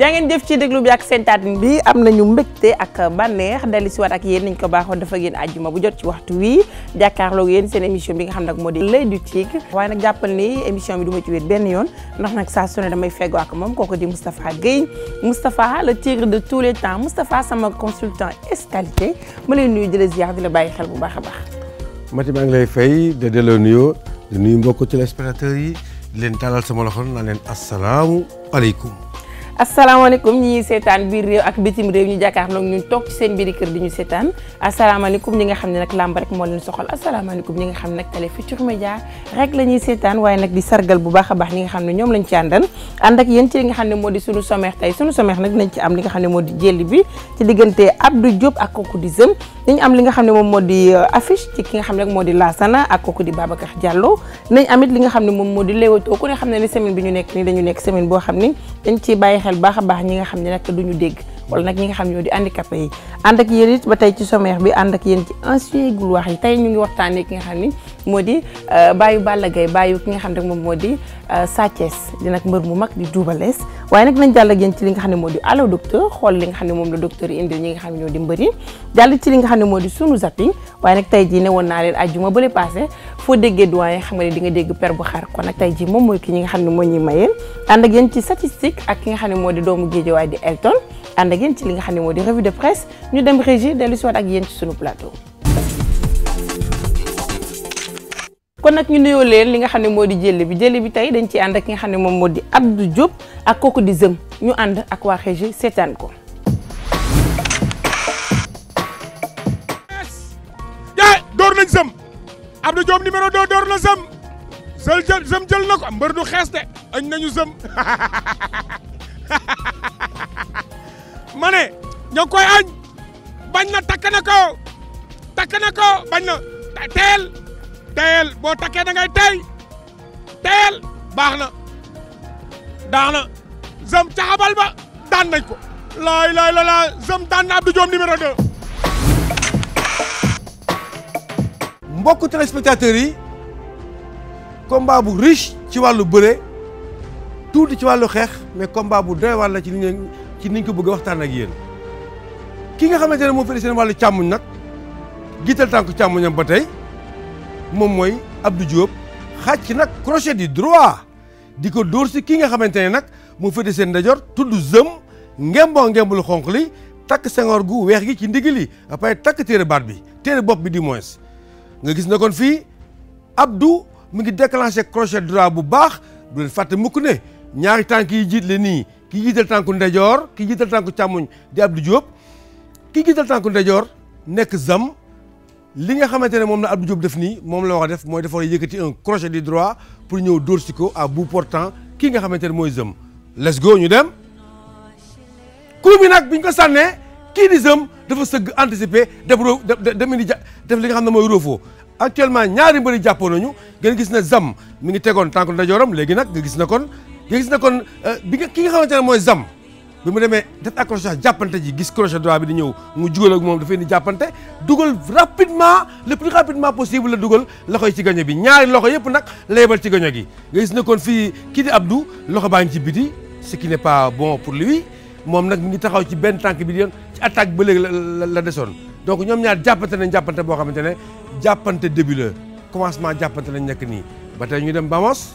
jaa ngeen jëf ci déglu bi ak seen taatin bi am nañu mbégte ak neex dellu si waat ak yéen nañ ko baaxoon dafa génn àjjuma bu jot ci waxtu wii jàkkaarloog yéen seen émission bi nga xam nag moo di l'oeil du tigre waaye nag jàppal ni émission bi duma ma wéet benn yoon ndax nag sa su ne damay feggoo ak moom kooku di Moustapha Guèye Moustapha le tigre de tous les temps Moustapha sama consultant escalité ma lay nuyu di la ziar di la bàyyi xel bu baax a baax Mati maa ngi lay fay da delloo nuyoo di nuyu mbokk téléspectateurs yi di leen talal sama loxo naa leen asalaamu aleykum asalaamaaleykum ñi seetaan biir réew ak bitim réew ñu jàkkaarloog ñun toog ci seen biir kër di ñu seetaan asalaamaaleykum ñi nga xam ne nag làmb rek moo leen soxal asalaamaaleykum ñi nga xam ne nag Télé Futurs Médias rek la ñuy seetaan waaye nag di sargal bu baax a baax ñi nga xam ne ñoom lañ ci àndal ànd ak yéen ci nga xam ne moo di sunu sommaire tey sunu sommaire nag nañ ci am li nga ne moo di jël bi ci diggante Abdou Diop ak kooku di Zem nañ am li nga xam ne moom moo di euh, affiche ci ki nga xam ne moo di Lassana ak ko di Babacar Diallo nañ amit li nga xam ne moom moo di Leewtoo ku ne xam bi ñu nekk ni dañu nekk semaine boo xam ni dañ ci xel baax a baax ñi nga xam ne nag duñu dégg wala nag ñi nga xam ñoo di handicapé yi ànd ak yéen tey ci sommaire bi ànd ak yéen ci ancien gloire yi tey ñu ngi waxtaanee ki nga xam ni moo di euh, baayu Balla Gaye baayu ki xam ne moom moo di euh, Sa Thiès di nag mbër mu mag di Double Less waaye nag nañ jàll ak yéen ci xam ne moo di allo docteur xool li nga xam ne moom la docteur yi indil ñi nga xam ne ñoo di mbër jàll ci li nga xam ne moo di sunu zapping waaye nag tey jii ne woon naa leen ajjuma bële passé foo déggee doyen xam nga ne di nga dégg per bu xar kon nag tey ji moom mooy ki ñi nga xam ne moo ñuy mayee ànd ak yéen ci statistique ak ki nga xam ne moo di doomu géejawaay di Elton ànd ak ci li nga xam ne moo di revue de presse ñu dem régie dellu si waat ak yéen ci sunu plateau. kon nag ñu nuyoo leen li nga xam ne moo di jëlle bi jëlle bi tey dañ ci ànd ak ki nga xam ne moom moo di Abdou Diop ak kooku di ñu ànd ak waa Régie seetaan ko. jaay door nañ Zëm Abdou Diop numéro 2 door na Zëm jël jël Zëm na ko mbër du xees de añ nañu Zëm. mane ne ña ngi koy añ bañ na takk na ko takk na ko bañ na teel teel boo takkee da ngay tey teel baax na daax na zëm caxabal ba daan nañ ko laay laay la laa zëm daan na Abdou Diom numéro 2 mbokku téléspectateurs yi combat bu riche ci wàllu bëre tuuti ci wàllu xeex mais combat bu doy walla ci li ci niñ ko bëgg waxtaan ak yéen ki nga xamante ne moo féete seen wàllu càmmuñ nag giital tànk càmmuñam ba tey moom mooy Abdou Diop xàcc nag crochet du droit di ko dóor si kii nga xamante ne nag moo féete seen ndajor tudd zëm ngemboo ngembulu xonq li takk sengoor gu weex gi ci ndigg li après takk téere baat bi téere bopp bi di moins nga gis na kon fii Abdou mu ngi déclenché crochet droit bu baax du leen fàtte mukk ne ñaari tànk yi jiit le nii ki jiital tànku ndejoor ki jiital tànku càmmoñ di Abdou Diop ki jiital tànku ndejoor nekk zam li nga xamante ne moom la Abdou Diop def nii moom la wax def mooy dafa yëkkati un crochet de droit pour ñëw dóor si ko à bout portant ki nga xamante ne mooy zam let's go ñu dem coup bi nag bi biñ ko sànnee kii di zëm dafa sëgg anticiper def roo def indi def li nga xam ne mooy roofoo actuellement ñaari mbëri jàppoo nañu ngeen gis na zam mi ngi tegoon tànku ndajooram léegi nag nga gis na kon nga gis na kon euh, bi nga ki nga xamante ne mooy zam bi mu demee def accrochage jàppante ji gis crochet droit bi di ñëw mu jugal ak moom dafay ni jàppante dugal rapidement le plus rapidement possible la dugal loxo yi ci gaño bi ñaari loxo yëpp nag leebal ci gaño gi nga gis na kon fii kii di Abdou loxo baa ngi ci biti ce qui pas bon pour lui moom nag mi ngi taxaw ci benn tànk bi di yoon ci attaque ba léegi la la desoon donc ñoom ñaari jàppante nañ jàppante boo xamante ne jàppante début la commencement jàppante lañ nekk nii ba tey ñu dem Bamos.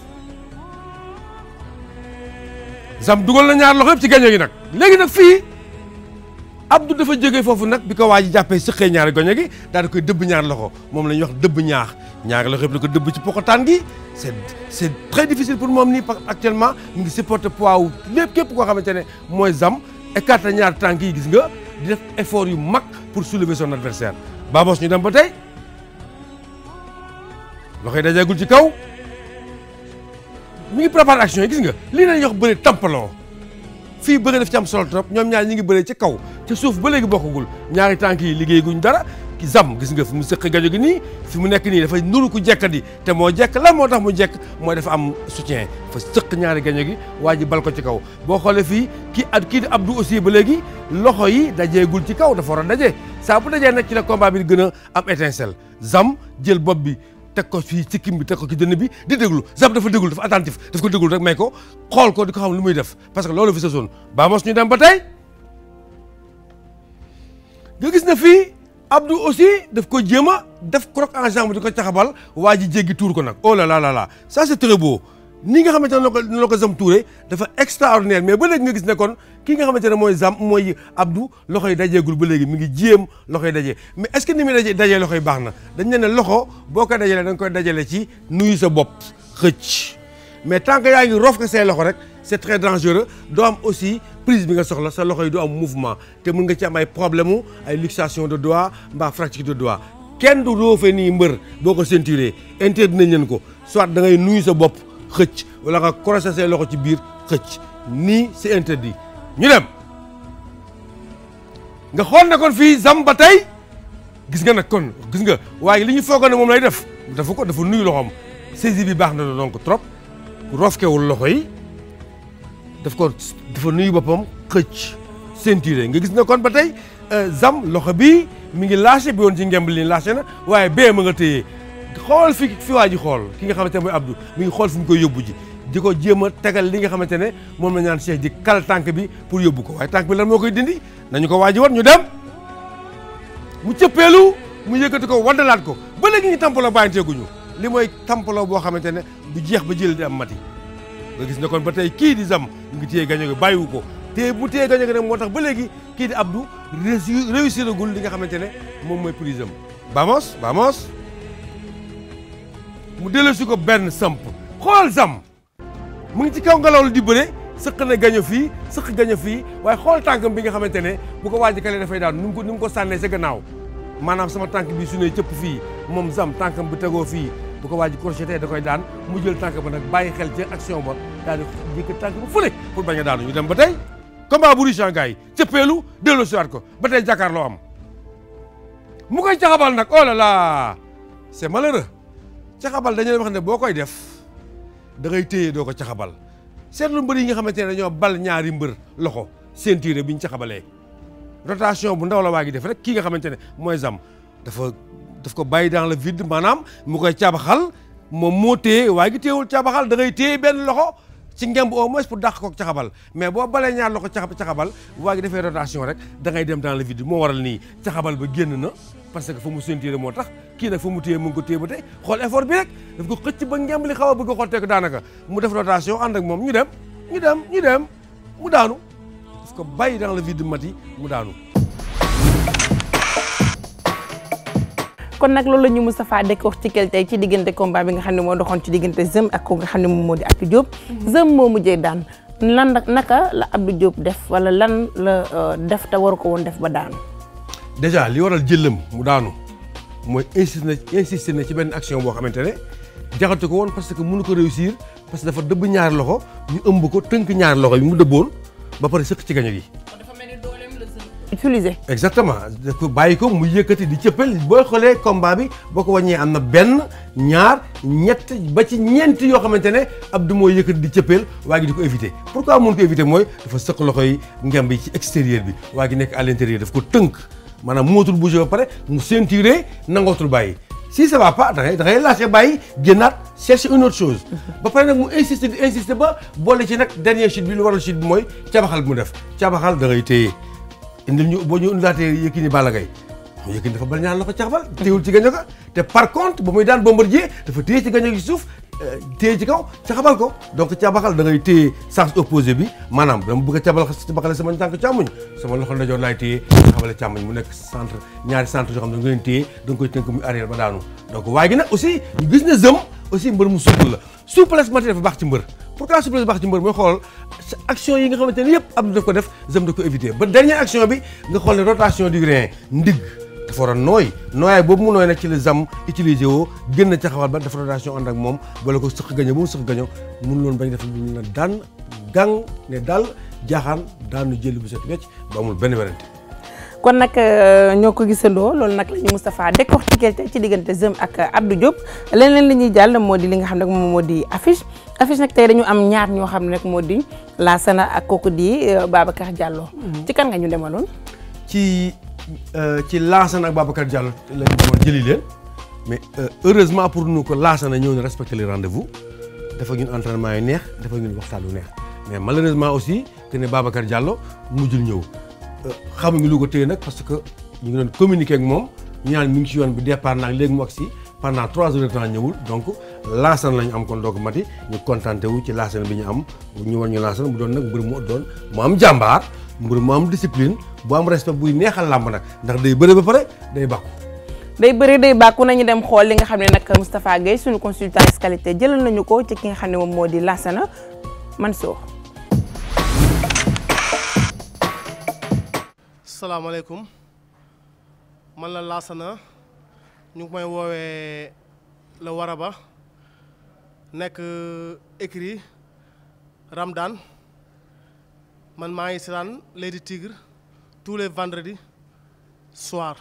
zam dugal na ñaar loxo yëpp ci gaño gi nag léegi nag fii ab du dafa jóge foofu nag bi ko waa ji jàppee sëqee ñaari goño gi daal koy dëbb ñaar loxo moom la ñuy wax dëbb ñaax ñaari loxo yëpp la ko dëbb ci pokotaan gi c'est c'est très difficile pour moom nii actuellement mu ngi supporter poids wu lépp képp koo xamante ne mooy zam écarté ñaar tànk yi gis nga di def effort yu mag pour soulever son adversaire Babos ñu dem ba tey loxo yi dajeegul ci kaw mi ngi préparé action yi gis nga lii nañuy yox bëri tampalon fii bëri daf ci am solo trop ñoom ñaari ñu ngi bëree ci kaw te suuf ba léegi bokkagul ñaari tànk yi liggéey guñ dara ki gis nga fi mu sëq gajo gi nii fi mu nekk nii dafay nuru ku jekka di te moo jekk lan moo tax mu jekk mooy dafa am soutien fa sëq ñaari gajo gi waa ji bal ko ci kaw boo xoolee fii kii at kii di Abdou aussi ba léegi loxo yi dajeegul ci kaw dafa war a daje saa bu dajee nag ci la combat bi gën a am étincelle zam jël bopp bi teg ko fii sikkim bi teg ko ci dënn bi di déglu zab dafa déglu dafa attentif daf ko déglu rek may ko xool ko di ko xam lu muy def parce que loolu fi sa ba mos ñu dem ba tey nga gis na fi Abdou aussi daf ko jéem a def croc en jambe di ko caxabal waa ji jéggi tuur ko nag oh là là là là ça c'est très ni nga xamante ne la ko la ko Zam Touré dafa extraordinaire mais ba léegi nga gis ne kon ki nga xamante ne mooy Zam mooy Abdou loxo yi dajeegul ba léegi mi ngi jéem loxo yi dajee mais est ce que ni muy daje dajee loxo yi baax na dañ ne ne loxo boo ko dajalee da nga koy dajale ci nuyu sa bopp xëcc mais tant que yaa ngi rof ko say loxo rek c' est très dangereux doo am aussi prise bi nga soxla sa loxo yi du am mouvement te mun nga ci am ay problème mu ay luxation de doigt mbaa fracture de doigt kenn du roofee nii mbër boo ko ceinturé interdit nañ leen ko soit da ngay nuyu sa bopp xëcc wala nga croisé say loxo ci biir xëcc nii c'est interdit ñu dem nga xool ne kon fii zam ba tey gis nga nag kon gis nga waaye li ñu foogoon ne moom lay def dafa ko dafa nuyu loxoom saisie bi baax na ko trop roofkewul loxo yi daf ko dafa nuyu boppam xëcc ceinture nga gis na kon ba tey euh, zam loxo bi mu ngi lâché bi woon ci ngemb li lâché na waaye bee ma nga téye xool fi fi waa ji xool ki nga xamante ne mooy Abdou mi ngi xool fi mu koy yóbbu ji ji ko jéem a tegal li nga xamante ne moom la ñaan Cheikh di tànk bi pour yóbbu ko waaye tànk bi lan moo koy dindi nañu ko waa ji ñu dem mu cëppeelu mu yëkkati ko waddalaat ko ba léegi ñu tampaloo bàyyanteeguñu li mooy tampaloo boo xamante ne du jeex ba jël di mati nga gis ne kon ba tey kii di zam mu ngi téye gaño bàyyiwu ko te bu téye gaño gi moo tax ba léegi kii di Abdou réussiragul li nga xamante ne moom mooy prise am vamos vamos mu dellusi ko benn samp xool zam mu ngi ci kaw ngelaw lu di bëre sëq na gaño fii sëq gaño fii waaye xool tànkam bi nga xamante ne bu ko waaj kalee dafay daan nu ko ni mu ko sànnee sa gannaaw maanaam sama tànk bi su ne fii moom zam tànkam bu tegoo fii bu ko waaj crocheté da koy daan mu jël tànk ba nag bàyyi xel ci action ba daal jëkk tànk ba fu ne pour bañ a daanu ñu dem ba tey combat bu riche gars yi cëppeelu delloosiwaat ko ba tey jàkkaarloo am mu koy caxabal nag oh là là c'est malheureux caxabal dañoo wax ne boo koy def dangay téye doo ko caxabal seetlu mbër yi nga xamante ne dañoo bal ñaari mbër loxo ceinture bi ñu caxabalee rotation bu ndaw la waa gi def rek kii nga xamante ne mooy zam dafa daf ko bàyyi dans le vide maanaam mu koy caabaxal moom moo téye waa gi téyewul caabaxal da ngay téye benn loxo ci ngemb au moins pour dàq ko caxabal mais boo balee ñaar loxo caxabal waa gi defee rotation rek dangay dem dans le vide moo waral nii caxabal ba génn na parce que fa mu sentir moo tax kii nag fa mu téye mu ngi ko téye ba tey xool effort bi rek daf ko xëcc ba ngemb li xaw a bëgg a daanaka mu def rotation ànd ak moom ñu dem ñu dem ñu dem mu daanu daf ko bàyyi dans le vide mat yi mu daanu. kon nag loolu la ñu Moustapha dekk wax ci kel tey ci diggante combat bi nga xam ne moo doxoon ci diggante Zem ak ko nga xam ne moom moo di Abdou Diop. Mhm. Zem moo mujjee daan lan naka la Abdou Diop def wala lan la euh, def te waru ko woon def ba daanu. déjà li waral jëllam mu daanu mooy insisté na insisté na ci benn action boo xamante ne jaxatu ko woon parce que mënu ko réussir parce que dafa dëbb ñaari loxo ñu ëmb ko tënk ñaari loxo yi mu dëbboon ba pare sëq ci gaño gi. dafa mel ni dooleem la utiliser. exactement dafa bàyyi ko mu yëkkati di cëppal boo xoolee combat bi boo ko wàññee am na benn ñaar ñett ba ci ñeent yoo xamante ne ab Abdou mooy yëkkati di cëppal waa gi di ko éviter pourquoi mun ko éviter mooy dafa sëq loxo yi ngemb yi ci extérieur bi waa gi nekk à daf ko tënk. maanaam mootul bougé ba pare mu ceinturé nangootul bàyyi si ça va pas da ngay da ngay lâché bàyyi génnaat chercher une autre chose. Mhm. ba pare nag mu insister di ba boole ci nag dernier chute bi lu waral chute bi mooy cabaxal bu mu def cabaxal da ngay téye indil ñu boo ñu indilaatee Yékini Balla Gaye mu Yékini dafa bal ñaan la ko caxabal. téyewul ci gaño ga te par contre ba muy daan Bombardier dafa téye ci gaño gi suuf téye ci kaw caxabal ko donc cabaxal da ngay téye sens opposé bi maanaam dama bëgg a cabal cabaxale sama tànk càmmoñ sama loxo ndajoor laay téye caxabale càmmoñ mu nekk centre ñaari centre yoo xam ne nga téye da koy tënk muy arrière ba daanu donc waaye gi nag aussi ñu gis ne zëm aussi mbër mu souple la souplesse matière dafa baax ci mbër pourquoi souplesse baax ci mbër mooy xool action yi nga xamante ne yëpp Abdou daf ko def zëm da ko éviter ba dernière action bi nga xool ne rotation du rein ndigg dafa war a nooy nooyaay boobu mu nooy nag ci la zam utilisé woo génn ca xawal ba def rotation ànd ak moom boole ko sëq gaño ba mu sëq gaño mun loon bañ def lu na daan gang ne daal jaaxaan daanu jël bu set wecc ba amul benn werante kon nag euh, ñoo ko gisandoo loolu nag la ñu Moustapha décortiqué ci diggante Zeum ak Abdou Diop leneen li ñuy jàll moo di li nga xam ne moom moo di affiche affiche nag tey dañu am ñaar ñoo xam ne moo di Lassana ak kooku di euh, Babacar Diallo. Mm-hmm. ci kan Euh, ci Lassana ak Babacar Diallo la ñu demoon jëli leen mais euh, heureusement pour nous que Lassana ñëw na respecté les rendez-vous dafa ñun entraînement yu neex dafa ñun waxtaan yu neex mais malheureusement aussi que ne Babacar Diallo mujjul ñëw xam euh, xamuñu lu ko téye nag parce que ñu ngi doon communiqué ak moom ñaan mi ngi ci yoon bi départ naag léegi mu agsi pendant trois heures de temps ñëwul donc Lassana la ñu am kon doog mati ñu contenté wu ci Lassana bi ñu am ñu war ñu Lassana mu nag mbir mu doon mu am jàmbaar mbër mu am discipline bu am respect buy neexal làmb nag ndax day bëre ba pare day bàkku day bëri day bàkku nañu dem xool li nga xam ne nag Moustapha Guèye suñu consultant qualité jëlal nañu ko ci ki nga xam ne moom moo di Lassana Mansour salaamaaleykum man la Lassana ñu ngi may woowee la Waraba nekk euh, écrit Ramdan man maa ngi seetaan Lady Tigre tous les vendredis soir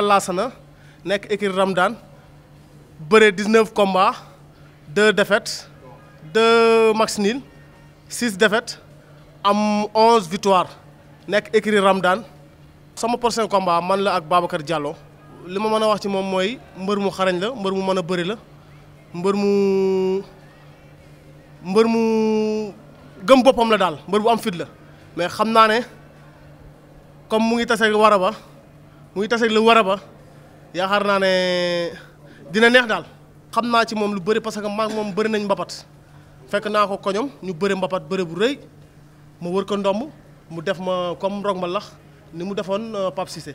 la Lassana nekk écurie Ramdan bëree 19 combats 2 défaites 2 matchs nuls 6 défaites am 11 victoires nekk écurie Ramdan sama prochain combat man la ak Babacar Diallo li ma mën a wax ci moom mooy mbër mu xarañ la mbër mu mën a bëri la mbër mu mbër mu gëm boppam la daal mbër bu am fit la mais xam naa ne comme mu ngi tase war muy taseeg lu war a ba yaakaar naa ne dina neex daal xam naa ci moom lu bëri parce que maag moom bari nañ mbapat fekk naa ko koñom ñu bëri mbapat bari bu rëy ma wër ko ndomb mu def ma comme rog ma lax ni mu defoon euh, Pape Cissé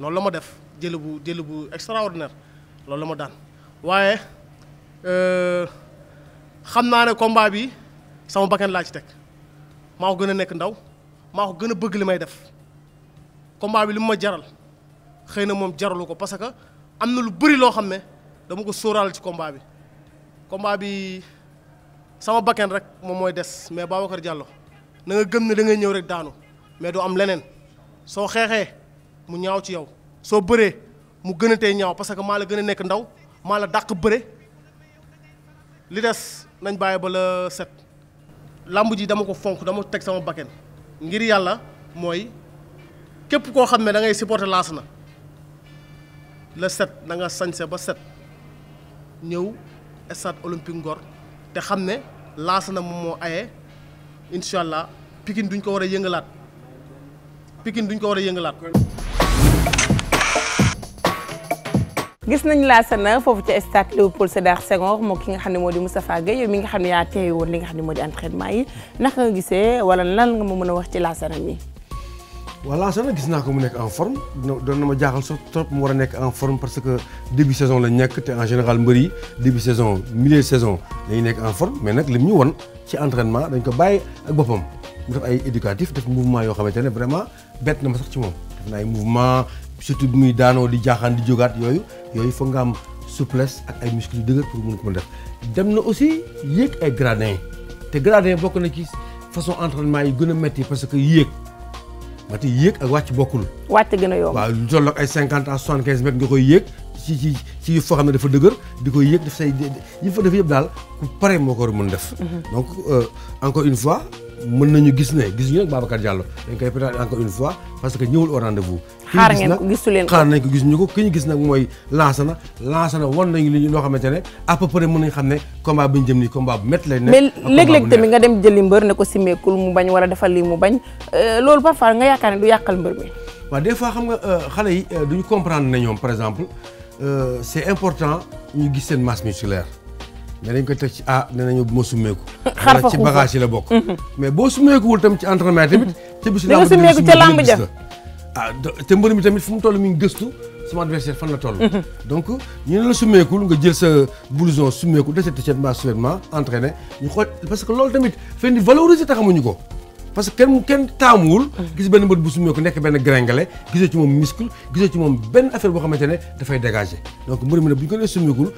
noonu la ma def jëli bu jëli bu extraordinaire loolu la ma daan waaye euh, xam naa ne combat bi sama bakkan laa ci teg maa ko gën a nekk ndaw maa ko gën a bëgg li may def combat bi li mu ma jaral xëy na moom jaralu ko parce que am na lu bëri loo xam ne dama ko sóoraal ci combat bi combat bi sama bakkan rek moom mooy des mais Babacar Diallo na nga gëm ne da ngay ñëw rek daanu mais doo am leneen soo xeexee mu ñaaw ci yow soo bëree mu gën a tey ñaaw parce que maa la gën a nekk ndaw maa la dàq bëre li des nañ bàyyi ba la set làmb ji dama ko fonk dama teg sama bakkan ngir yàlla mooy képp koo xam ne da ngay supporter laas na le set nanga nga sañse ba set ñëw stade olympique Ngor te xam ne Lassana moom moo aye incha allah Pikine duñ ko war a yëngalaat Pikine duñ ko war a yëngalaat. gis nañ Lassana foofu ca stade Léopold Sédar Senghor moo ki nga xam ne moo di Moustapha Gueye yow mi nga xam ne yaa teewoon li nga xam ne moo di entraînement yi naka nga gisee wala lan nga ma mën a wax ci Lassana mi voilà sax nag gis naa ko mu nekk en forme doon na ma jaaxal sax trop mu war a nekk en forme parce que début saison la nekk te en général mbër yi début saison milieu saison dañuy nekk en forme mais nag lim ñu won ci entraînement dañ ko bàyyi ak boppam mu def ay éducatif def mouvement yoo xamante ne vraiment bett na ma sax ci moom def na ay mouvement surtout muy daanoo di jaaxaan di jógaat yooyu yooyu foog nga am souplesse ak ay muscles yu pour mun ko mën dem na aussi yéeg ay gradin te gradin bokk na ci façon entraînement yi gën parce que yéeg ba tey yéeg ak wàcc bokkul. wàcc gën a yomb waaw lu toll ak ay cinquante à soixante nga koy yéeg ci ci ci foo xam ne dafa dëgër di koy yéeg daf say yi fa def yëpp daal ku pare moo ko war a def. Mhm. donc euh, encore une fois. mën nañu gis ne gis ñu nag Babacar Diallo dañ koy peut-être encore une fois parce que ñëwul au rendez-vous. xaar ngeen ko gis ñu ko ki ñu gis nag mooy Lansana Lansana wan nañu li loo xamante ne à peu près mën nañu xam ne combat bi ñu nii combat bu métti lay nekk. mais léeg-léeg tamit nga dem jëli mbër ne ko simeekul mu bañ wala defal lii mu bañ euh, loolu parfois nga yaakaar ne du yàqal mbër mi. waaw des fois xam nga euh, xale yi euh, duñu comprendre ne ñoom par exemple c'est important ñu gis seen masse musculaire mais dañ koy teg ci ah nee nañu ma summeeku. xarfa la bokk. Mhm. mais boo wul tam ci entraînement tamit. Mhm. ca bis laa summeeku ca làmb ah, te mbër mi tamit fu mu toll mi ngi gëstu fan la toll. Mhm. donc ñu ne la summeekul nga jël sa blouson summeeku deset t-shirt mbaa sous-vêtement entraîné parce que loolu tamit fenn di valoriser xamuñu ko. parce que kenn kenn taamuwul. gis benn bët bu sumee ko nekk benn gringale gisoo ci moom muscle gisoo ci moom benn affaire boo xamante ne dafay dégager donc mbir mi ne bu ñu ko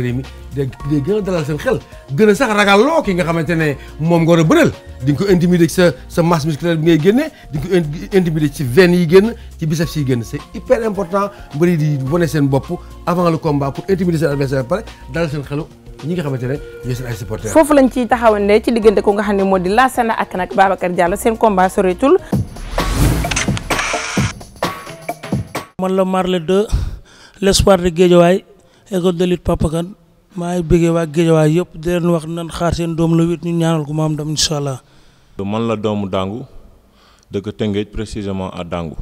nee mi day gën a dalal seen xel gën a sax ragal loo ki nga xamante ne moom nga war a bëreel di nga ko intimider ci sa sa masse musculaire bi ngay génne di nga ko intimider ci veines yi génn ci biceps yi génn c'est hyper important mbir yi di wane seen bopp avant le combat pour intimider seen adversaire ba pare dalal ñi nga xamante ne ñooy foofu lañ ciy taxawandee ci diggante ko xam ne moo di Lassana ak nag Babacar Diallo seen combat soreetul. man la Marley 2 l'espoir de Guédiawaye école de lutte Papa Kane maa ngi bëggee waa Guédiawaye yëpp di leen wax nan xaar seen doom la wit ñu ñaanal ko maam dam incha allah. man la doomu Dangu dëkk Tëngéej précisément à Dangu.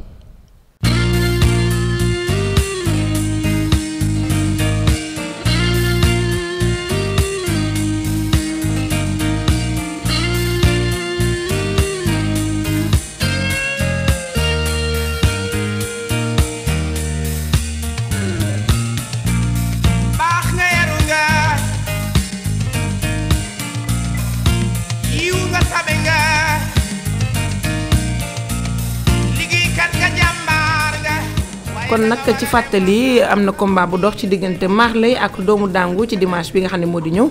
kon nag ci fàttali am na combat bu dox ci diggante Marley ak doomu dàngu ci dimanche bi nga xam ne moo di ñëw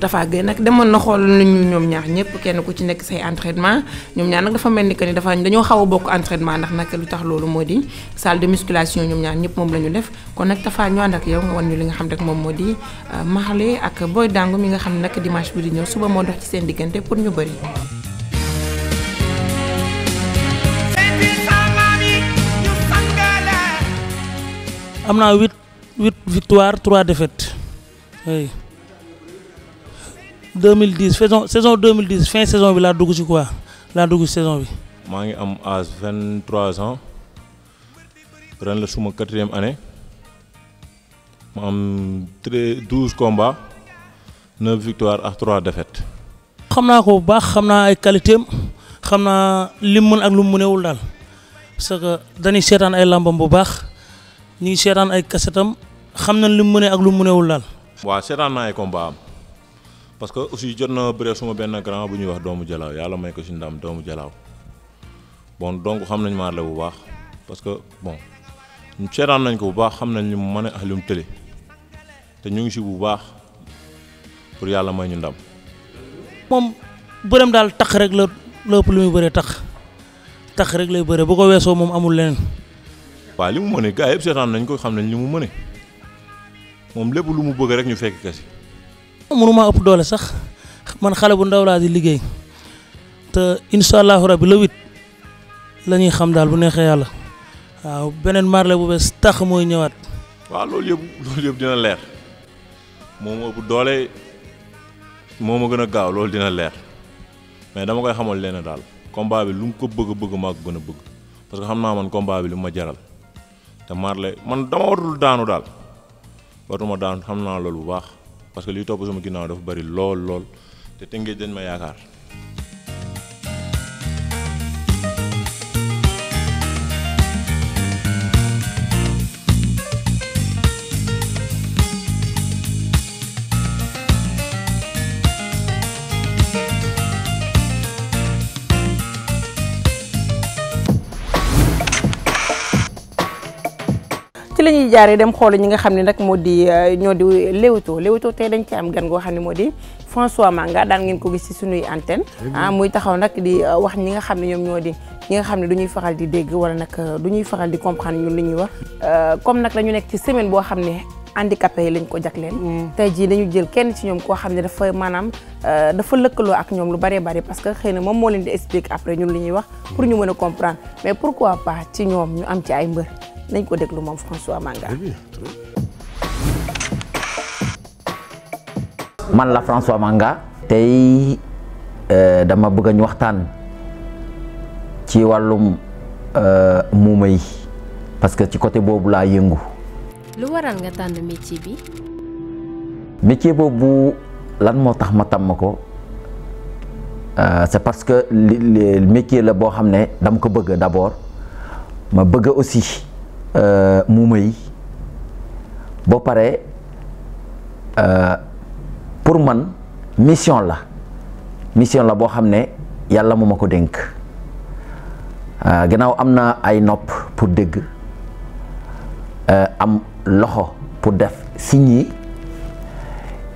Tapha Gueye nag demoon na xool nañu ñoom ñaax ñëpp kenn ku ci nekk say entraînement ñoom ñaar nag dafa mel ni que ni dafa dañoo xaw a bokk entraînement ndax nag lu tax loolu moo di salle de musculation ñoom ñaar ñëpp moom la ñu def kon nag Tapha ñu ànd ak yow nga wan ñu li nga xam rek moom moo di euh, Marley ak Boy Dàngu mi nga xam ne nag dimanche bi di ñëw suba moo dox ci seen diggante pour ñu bëri am naa huit huit victoire trois défaites oui 2010 saison saison 2010 fin saison bi laa dugg ci quoi laa dugg ci saison bi. maa ngi am âge vingt trois ans ren la suma quatrième année ma am treize douze combats neuf victoires ak trois défaites. xam naa ko bu baax xam naa ay qualité xam naa lim mën ak lu mu mënewul daal parce que dañuy seetaan ay lambam bu baax. ñu ngi seetaan ay kasetam xam nañ lu mu mënee ak lu mu mënewul daal. waaw seetaan naa ay combat am parce que aussi jot na bëree suma benn grand bu ñuy wax doomu jalaaw yàlla may ko si ndam doomu jalaaw bon donc xam nañ maar la bu baax parce que bon seetaan nañ ko bu baax xam nañ li mu mën a ak li mu tële te ñu ngi si bu baax pour yàlla may ñu ndam. moom bërëm daal tax rek la lépp lu muy bëree tax tax rek lay bëree bu ko weesoo moom amul leneen. waaw li mu mëne gars yëpp seetaan nañ ko xam nañ li mu mëne moom lépp lu mu bëgg rek ñu fekk kasi. mënuma ëpp doole sax man xale bu ndaw laa di liggéey te incha allahu rabi le huit la ñuy xam daal bu neexee yàlla waaw beneen marle bu bees tax mooy ñëwaat. waaw loolu yëpp loolu yëpp dina leer moom ëpp doole moom ma gën a gaaw loolu dina leer mais dama koy xamoon leen daal combat bi lu mu ko bëgg bëgg maa ko gën a bëgg parce xam naa man combat bi lu ma jaral. te Marley man dama warul daanu daal waruma daanu xam naa loolu bu baax parce que liy topp sama ginnaaw dafa bari lool lool te Tëngéej dañ ma yaakaar. la jaaree dem xool ñi nga xam ne nag moo di euh, ñoo di Leewtoo Leewtoo tey dañ ci am gan goo xam ne moo di François Manga daal ngeen ko gis ci suñuy antenne ah, muy taxaw nag di euh, wax ñi nga xam ne ñoom ñoo di ñi nga xam ne du ñuy faral di dégg wala nag euh, du ñuy faral di comprendre ñun li ñuy wax comme nag lañu nekk ci semaine boo xam ne handicapé yi lañ ko jagleel mm. tey jii dañu jël kenn ci ñoom koo xam ne dafa maanaam dafa lëkkaloo ak ñoom lu bëree bëri parce que xëy na moom moo leen di expliquer après ñun li ñuy wax pour ñu mën a comprendre mais pourquoi pas ci ñoom ñu am ci ay nañ ko déglu moom François Manga. man la François Manga. tey euh, dama bëgg ñu waxtaan ci wàllum euh, muuma yi parce que ci côté boobu laa yëngu. lu waral nga tànn métier bi. métier boobu lan moo tax ma tàmm ko. Euh, c'est parce que li métier la boo xam ne dama ko bëgg d'abord ma bëgg aussi Euh, mu may ba pare euh, pour man mission la mission la boo xam ne yàlla mu ma ko dénk euh, gannaaw am na ay nopp pour dégg am loxo pour def signe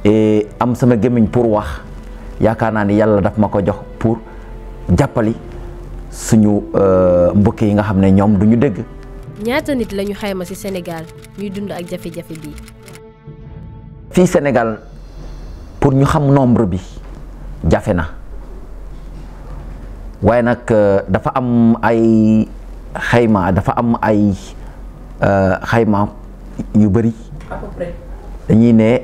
yi am sama gémmiñ pour wax yaakaar naa ni yàlla daf ma ko jox pour jàppali suñu mbokk yi nga xam ne ñoom du ñu dégg ñaata nit lañu xayma ci Sénégal ñuy dund ak jafe-jafe bii. fii Sénégal pour ñu xam nombre bi jafe na waaye nag euh, dafa am ay xayma dafa am ay euh, xayma yu bëri. dañuy ne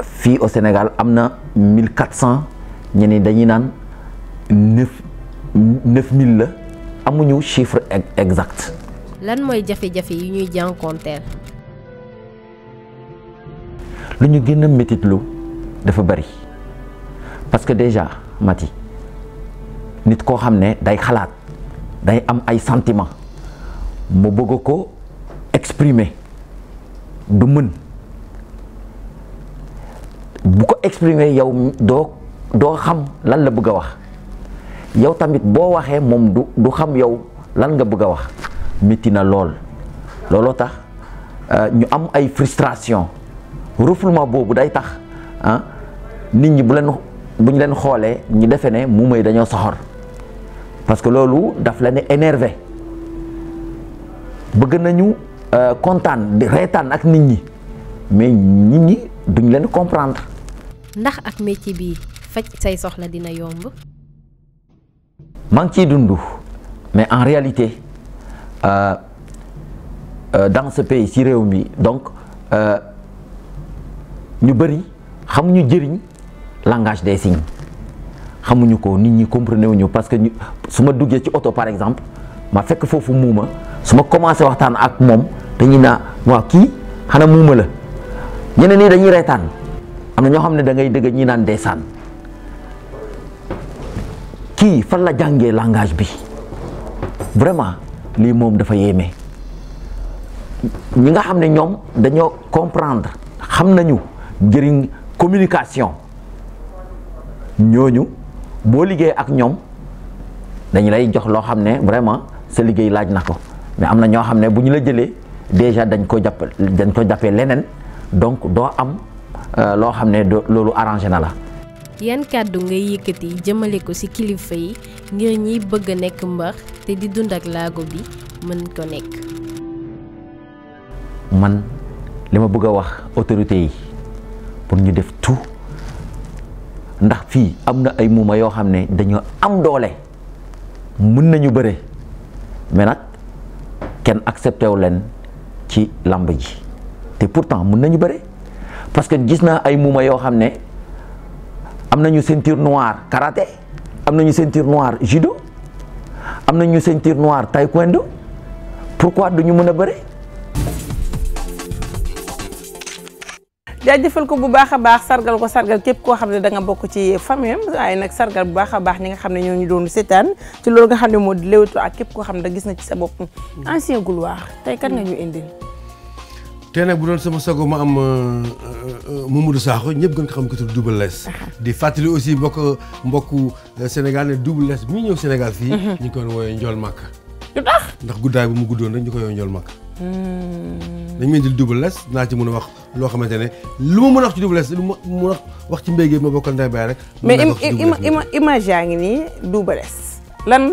fii au Sénégal am na mille quatre cent ñeneen dañuy naan neuf neuf la amuñu chiffre exact. lan mooy jafe-jafe yi ñuy jànkoonteel. lu ñu gën a métitlu dafa bari parce que déjà Mati nit koo xam ne day xalaat day am ay sentiment mu bëgg ko exprimer du mën bu ko exprimer yow doo doo xam lan la bëgg a wax yow tamit boo waxee moom du du xam yow lan nga bëgg a wax métti na lool looloo tax euh, ñu am ay frustration refoulement boobu day tax ah nit ñi bu leen bu ñu leen xoolee ñu defee ne mu may dañoo soxor parce que loolu daf la ne énervé bëgg nañu euh, kontaan di reetaan ak nit ñi mais nit ñi duñ leen comprendre. ndax ak métier bi faj say soxla dina yomb. maa ngi ciy dund mais en réalité. Euh, euh, dans ce si ci réew mi donc euh, ñu bëri xamuñu jëriñ langage des signes xamuñu ko nit ñi comprenez wuñu parce que su ma duggee ci oto par exemple ma fekk foofu muuma su ma commencé waxtaan ak moom dañuy naa waaw kii xanaa muuma la ñeneen ñi dañuy reetaan am na ñoo xam ne dangay ngay dëgg ñi naan ndeysaan kii fan la jàngee langage bi vraiment. lii moom dafa yéeme ñi nga xam ne ñoom dañoo comprendre xam nañu njëriñ communication ñooñu boo liggéey ak ñoom dañu lay jox loo xam ne vraiment sa liggéey laaj na ko mais am na ñoo xam ne bu ñu la jëlee déjà dañ ko jàpp dañ ko jàppee leneen donc doo am euh, loo xam ne loolu arrangé na la yan kàddu ngay yëkkati jëmale ko ci kilifa yi ngir ñiy bëgg a nekk mbër te di dund ak laago bi mën ko nekk. man li ma bëgg a wax autorité yi pour ñu def tout ndax fii am na ay muuma yoo xam ne dañoo am doole mën nañu bëre mais kenn accepté wu leen ci lamb ji te pourtant mën nañu bëre parce que gis naa ay muuma yoo xam ne. am nañu ceinture noire karaté am na ñu ceinture noire judo am na ñu nañu ceinture noire pour pourquoi du ñu mën a bëre. jaajëfal ko bu baax a baax sargal ko sargal képp koo xam ne da nga bokk ci famille am waaye nag sargal bu baax a baax ñi nga xam ne ñoo ñu doon seetaan ci loolu nga xam ne moo di Leewtoo ak képp koo xam ne da gis na ci sa bopp. ancien gloire tey nga ñu indil. tey nag bu doon sama sago ma am euh, euh, Mamadou Sakho ñëpp gën ko xam ko tudd Double Less di fàttali aussi mbokk mbokku euh, Sénégal ne Double Less mi ñëw Sénégal fii. Mhm. ñu ngi koy woowee Njool Màkk. ndax guddaay bu mu guddoon rek ñu koy woowee Njool Màkk. Hmm. dañ meen di Double Less naa ci mën a wax loo xamante ne lu ma mën a wax ci Double Less lu ma mën a wax ci mbéy mi ma bokkal ndey baay rek. mais ima image yaa ngi nii Double Less lan.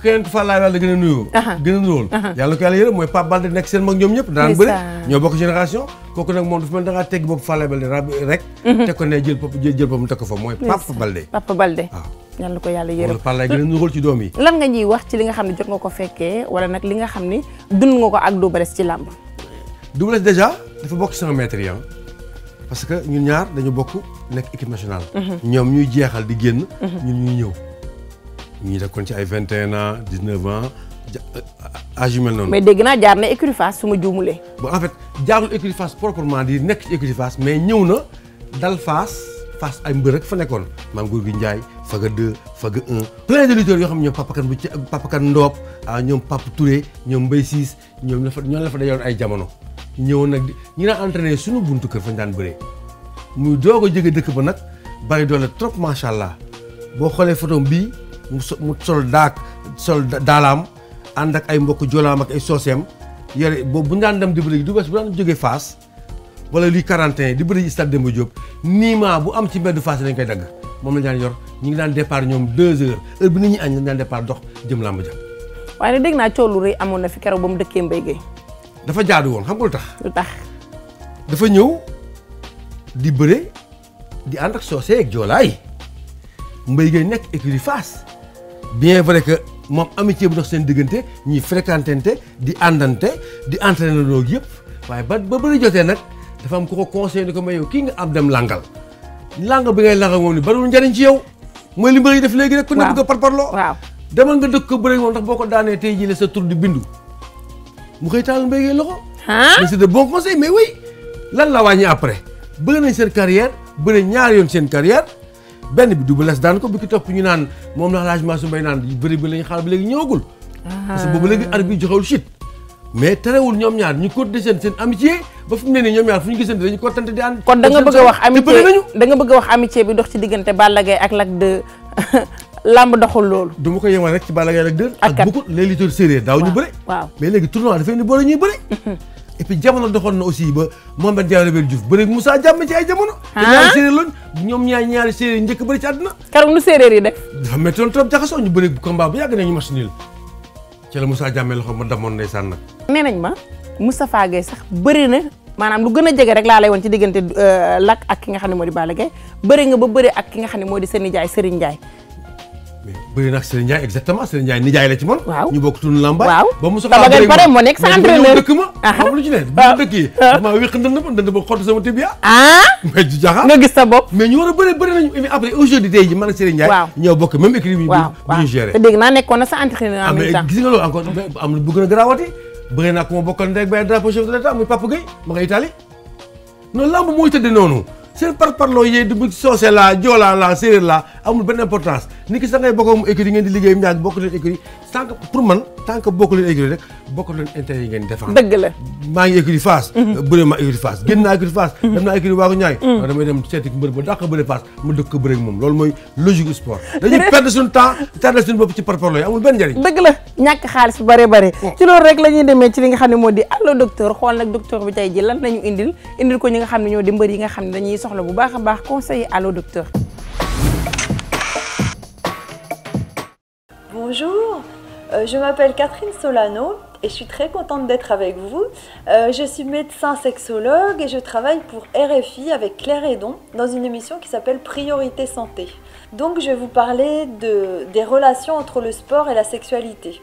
keneen ku Falla Balla gën a nuyoo gën a nuyool yàlla ko yàlla yërëm mooy Pape Baldé nekk seen mag ñoom ñëpp daan bëri ñoo bokk génération kooku nag moom dafa mel da ngaa tegg boobu Falla Baldé rek mhm. teg ko ne jël pop jël pop mu teg ko fa mooy Pape Baldé Pape Baldé yàlla ko yàlla yërëm Falla gën a nuyool ci doom yi lan nga ñuy wax ci li nga xam ne jot nga ko fekkee wala nag li nga xam ne dund nga ko ak Double Less ci làmb Double Less déjà dafa bokk sama maître yi parce que ñun ñaar dañu bokk nekk équipe nationale mhm. ñoom ñuy jeexal di génn mhm. ñun ñuy ñëw ñi nekkoon ci ay vingt et un ans dix neuf ans euh, âge yu mel noonu. mais dégg naa jaar na écurie Fass su ma juumulee. bon en fait jaarul écurie Fass proprement di nekk ci écurie mais ñëw na dal Fass Fass ay mbër rek fa nekkoon maam góor gi Ndiaye faga 2 faga 1. plein de lutteurs yoo xam ne ñoom Papa bu ci Papa Kan Ndoob ah, ñoom Papa Touré ñoom Mbaye Ciss ñoom la fa ñoo la fa ay jamono. ñëw nag ñi daan entraîné suñu buntu kër fañ daan bëree muy doog a dëkk ba nag bari doole trop macha alla boo xoolee photo bii. mu sol daak sol daalaam ànd ak ay mbokk joolaam ak ay sooseem yore boobu bu ñu daan dem di bëri du bes bu daan jógee Fass wala luy quarantaine di dem stade Demba Diop niimaa bu am ci mbedd Fass lañ koy dagg moom la daan yor ñu ngi daan départ ñoom deux heures heure bi nit ñi añ lañ daan départ dox jëm làmb ja waaye nag dégg naa coow lu rëy amoon na fi keroog ba mu dëkkee Mbaye Guèye dafa jaadu woon xam nga lu tax lu tax dafa ñëw di bëre di ànd ak soose ak joolaay Mbaye Guèye bien vrai que moom amitié bu dox seen diggante ñuy fréquentante di àndante di entraîné loog yëpp waaye ba ba bëri jotee nag dafa am ku ko conseillé ni ko ma yow kii nga am dem langal langa bi ngay langal moom ni bariwul njariñ ci yow mooy li mbër yi def léegi rek ku ne bëgg a parparloo waaw demal nga dëkk ko bëri moom ndax boo ko daanee tey jii la sa tur di bindu mu koy taal mbéy ngay loxo mais c'est de bon conseil mais oui lan la wàññi après bëgg nañ seen carrière bëgg nañ ñaari yoon seen benn bi Double Less daan ko bi ki topp ñu naan moom la laaj Mansour Mbaye naan bëri bi la ñu xaar ba léegi ñëwagul. parce que boobu léegi arbitre bi joxewul chute. mais terewul ñoom ñaar ñu ko seen seen amitié ba fi mu ñoom ñaar fu ñu gisante dañu ko tante di ànd. kon da nga bëgg a wax amitié da nga bëgg a wax amitié bi dox ci diggante Balla Gaye ak Lac de lamb doxul loolu. du ma ko yemal rek ci Balla Gaye Lac de. ak kat ak beaucoup les lutteurs sérieux daaw ñu bëre. mais léegi tournoi et jamono doxoon na aussi ba Mohamed Diallo Bel Diouf bëri Moussa jàmme ci ay jamono. Ah. te ñaari séeréer lañu ñoom ñaar ñaari séeréer njëkk bëri ci àdduna. karam nu séeréer yi def. dafa méttoon trop jaxasoo ñu bëri combat bu yàgg nañu machine ci la musa Diame loxo ma damoon ndeysaan nag. nee nañ ma musa Gueye sax bëri ne maanaam lu gën a jege rek laa lay woon ci diggante euh, Lac ak ki nga xam ne moo di Balla Gaye bëri nga ba bëri ak ki nga xam ne moo di seen nijaay Serigne Ndiaye bëri nag Serigne exactement Serigne Ndiaye nijaay la ci bokk tunu làmbaay. ba mu soxlaa bëri pare moo nekk sa entraîneur dëkk ma. Ah. xam lu ne bu ah. dëkk yi. Ah. damaa wéq ndënd ba ndënd ba a bëri bëri nañu mais après bokk même équipe bi. waaw waaw ñu géré. na sa entraîneur en même temps. Mm. a garaawati. bëri naa ko muy Papa Gueye ma nga Italie mooy tëdd noonu seen par parloo yee du bu soose laa joolaa laa séeréer laa amul benn importance ni ki sax ngay bokk mu écurie ngeen di liggéey ñaar bokk leen écurie tant que pour man tant que bokk leen écurie rek bokk leen intérêt yi ngeen défendre. dëgg la maa ngi écurie Fass. Mhm. Euh, bëri ma écurie Fass génn naa écurie Fass. Mhm. dem naa écurie Waagu Ñaay. Mhm. damay dem seeti mbër ba dàq bëri Fass ma dëkk ko bëri ak moom loolu mooy logique sport. dañuy perdre suñu temps perdre suñu bopp ci parparloo yi amul benn njëriñ. dëgg la ñàkk xaalis bu bëree bëri. Oh. ci loolu rek la ñuy demee ci li nga xam ne moo di allo docteur xool nag docteur bi tey ji lan lañu indil indil ko ñi nga xam ne ñoo di mbër yi nga xam ne dañuy soxla bu baax a baax conseil allo docteur Bonjour Euh, je m'appelle Catherine Solano et je suis très contente d'être avec vous. Euh, je suis médecin sexologue et je travaille pour RFI avec Claire Edon dans une émission qui s'appelle Priorité Santé. Donc je vais vous parler de, des relations entre le sport et la sexualité.